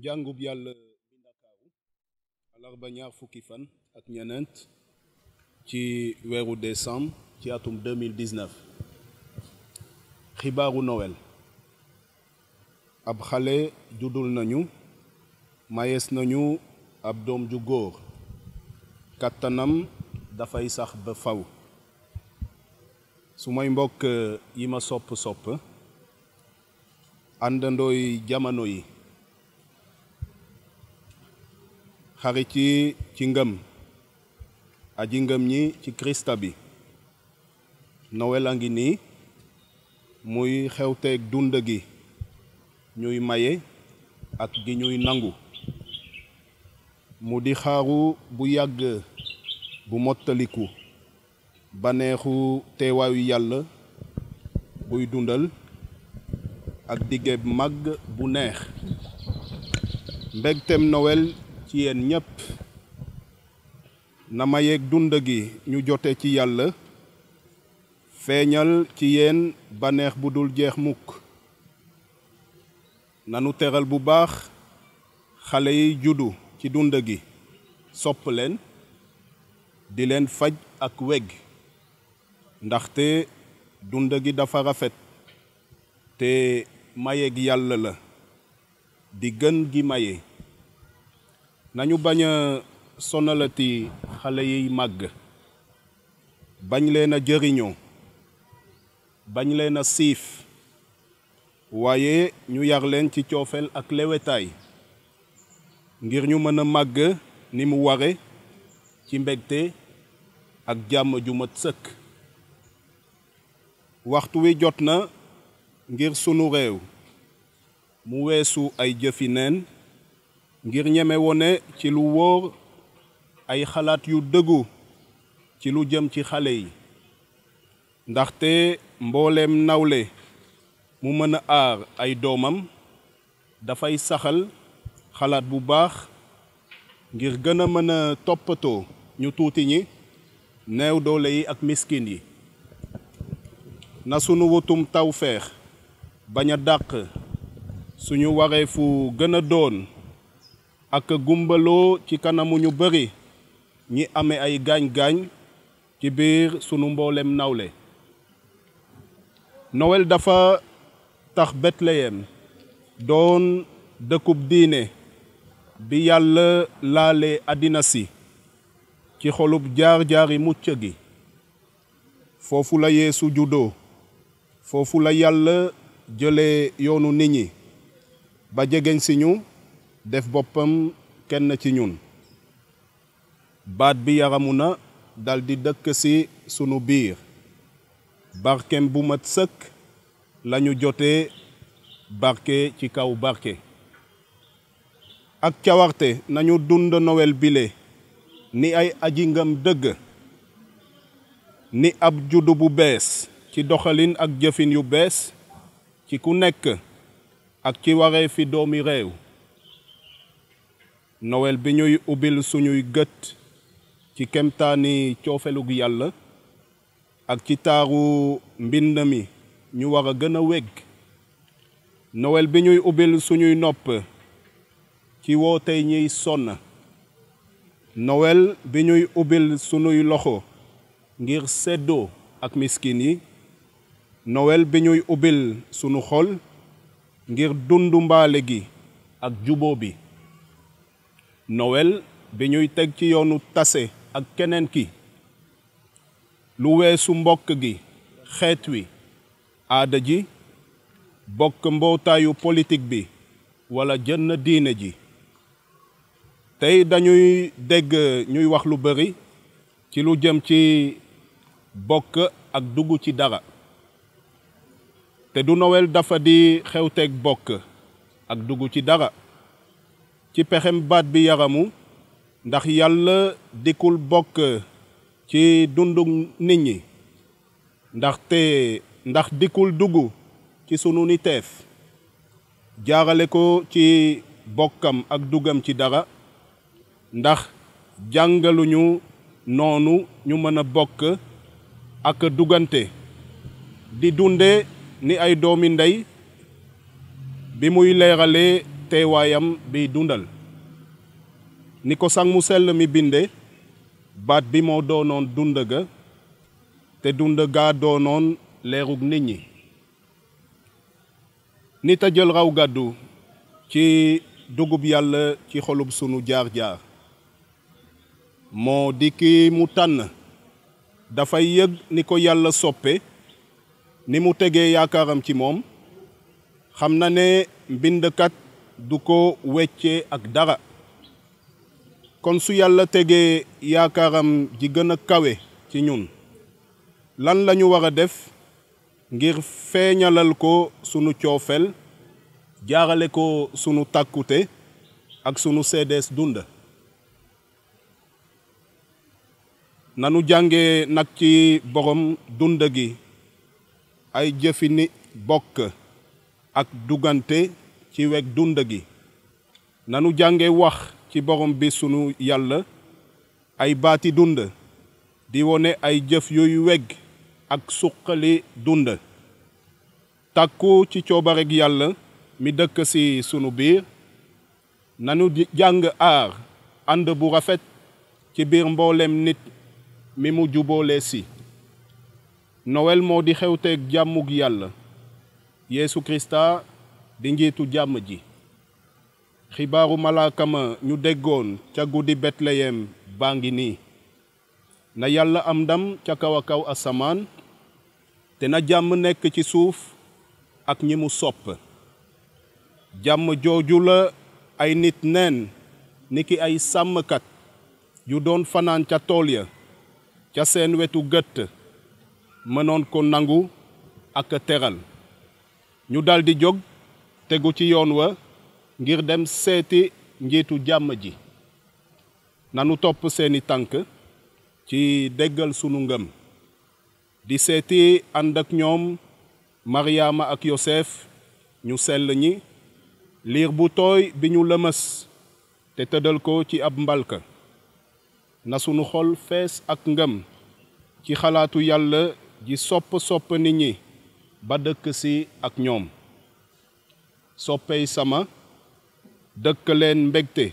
njàngub yàlla bi ndakaaru alarba ñaar fukki fan ak ñeneent ci weeru décembre ci atum 2019 xibaaru Noël ab xale judul nañu mayees nañu ab doom ju góor kàttanam dafay sax ba faw su may mbokk yi ma sopp sopp àndandooy jamono yi xarit yi ci ngëm aji ngëm ñi ci krista bi nowel a ngi nii muy xewteeg dund gi ñuy maye ak gi ñuy nangu mu di xaaru bu yàgg bu mottaliku baneexu teewaayu yàlla buy dundal ak digge màgg bu neex mbégtem nowel ci yéen ñépp na mayeeg dund gi ñu jote ci yàlla feeñal ci yéen baneex bu dul jeex mukk nanu teral bu baax xale yi juddu ci dund gi sopp leen di leen faj ak weg ndaxte dund gi dafa rafet te mayeeg yàlla la di gën gi maye nañu baña a sonalati xale yiy màgg bañ leen a jëriñoo bañ leen a siif waaye ñu yar leen ci coofeel ak lewetaay ngir ñu mën a màgg ni mu ware ci mbegte ak jàmm ju mat sëkk waxtu wi jot na ngir sunu réew mu weesu ay jëfi neen ngir ñeme wone ci lu wóor ay xalaat yu dëggu ci lu jëm ci xale yi ndaxte mbooleem nawle mu mën a aar ay doomam dafay saxal xalaat bu baax ngir gën a mën a toppatoo ñu tuuti ñi neew doole yi ak miskin yi na sunu wutum tawfeex bañ a dàq suñu wareefu gën a doon ak gumbaloo ci kanamu ñu bëri ñi ame ay gaañ-gaañ ci biir sunu mboolem nawle Noël dafa tax Bethléem doon dëkkub diine bi yàlla laale àddina si ci xolub jaar-jaari mucc gi foofu la yeesu juddoo foofu la yàlla jële yoonu nit ñi ba jegeñ si ñu def boppam kenn ci ñun baat bi yaramu na daldi dëkk ci sunu biir barkem bu mat sëkk lañu jote barke ci kaw barke ak cawarte nañu dund nowel bile ni ay aji ngëm dëgg ni ab juddu bu bees ci doxalin ak jëfin yu bees ci ku nekk ak ci waree fi doomi réew nowel bi ñuy ubbil suñuy gët ci kemtaani coofelug yàlla ak ci taaru mbind mi ñu war a gën a wégg nowel bi ñuy ubbil suñuy nopp ci wootey ñiy sonn nowel bi ñuy ubbil suñuy loxo ngir seddoo ak miskin yi nowel bi ñuy ubbil sunu xol ngir dundu mbaale gi ak juboo bi nowel bi ñuy teg ci yoonu tase ak keneen ki lu weesu mbokk gi xeet wi aada ji bokk mbootaayu politik bi wala jënn diine ji tey dañuy dégg ñuy wax lu bari ci lu jëm ci bokk ak dugg ci dara te du nowel dafa di xewteeg bokk ak dugg ci dara ci pexem baat bi yaramu ndax yàlla dikkul bokk ci dundu nit ñi ndaxte ndax dikkul dugg ci sunu niteef jaarale ko ci bokkam ak duggam ci dara ndax jàngaluñu noonu ñu mën a bokk ak duggante di dunde ni ay doomi ndey bi muy leeralee teewaayam bi dundal ni ko sang mu sell mi binde baat bi moo doonoon dund ga te dund gaa doonoon leerug nit ñi nit a jël raw gàddu ci dugub yàlla ci xolub sunu jaar-jaar moo di ki mu tànn dafay yëg ni ko yàlla soppe ni mu tegee yaakaaram ci moom xam na ne mbindkat du ko weccee ak dara kon su yàlla tegee yaakaaram ji gën a kawe ci ñun lan lañu war a def ngir feeñalal ko sunu coofeel jaarale ko sunu tàkkute ak sunu seedees dund nanu jànge nag ci borom dund gi ay jëfi ni bokk ak duggante ci weg dund gi nanu jànge wax ci borom bi sunu yàlla ay baati dund di wone ay jëf yuy weg ak suqali dund tàkku ci coobareg yàlla mi dëkk ci sunu biir nanu jàng aar ànd bu rafet ci biir mboolem nit mi mu juboole si nowel moo di xewteeg jàmmug yàlla Yeesu Krista di njiitu jàmm ji xibaaru malaaka ñu déggoon ca guddi betleyem baa ngi nii na yàlla am ndam ca kaw kaw asamaan te na jàmm nekk ci suuf ak ñi mu sopp jàmm jooju la ay nit neen niki ay sàmmkat yu doon fanaan ca tool ya ca seen wetu gëtt mënoon ko nangu ak teral ñu daldi jóg tegu ci yoon wa ngir dem seeti njiitu jàmm ji nanu topp seeni tànk ci déggal sunu ngëm di seeti ànd ak ñoom Mariama ak yoseef ñu sell ñi liir bu tooy bi ñu lëmës te tëddal ko ci ab mbalka na sunu xol fees ak ngëm ci xalaatu yàlla ji sopp sopp nit ñi ba dëkk si ak ñoom soppey sama dëkk leen mbegte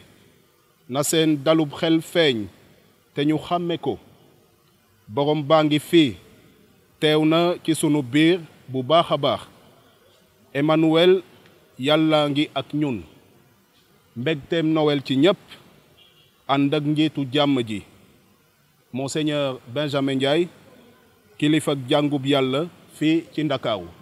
na seen dalub xel feeñ te ñu xàmme ko borom baa ngi fii teew na ci sunu biir bu baax a baax Emmanuel yàllaa ngi ak ñun mbégteem Noël ci ñépp ànd ak njiitu jàmm ji Monseigneur Benjamin Ndiaye kilifa jàngub yàlla fii ci Ndakaaru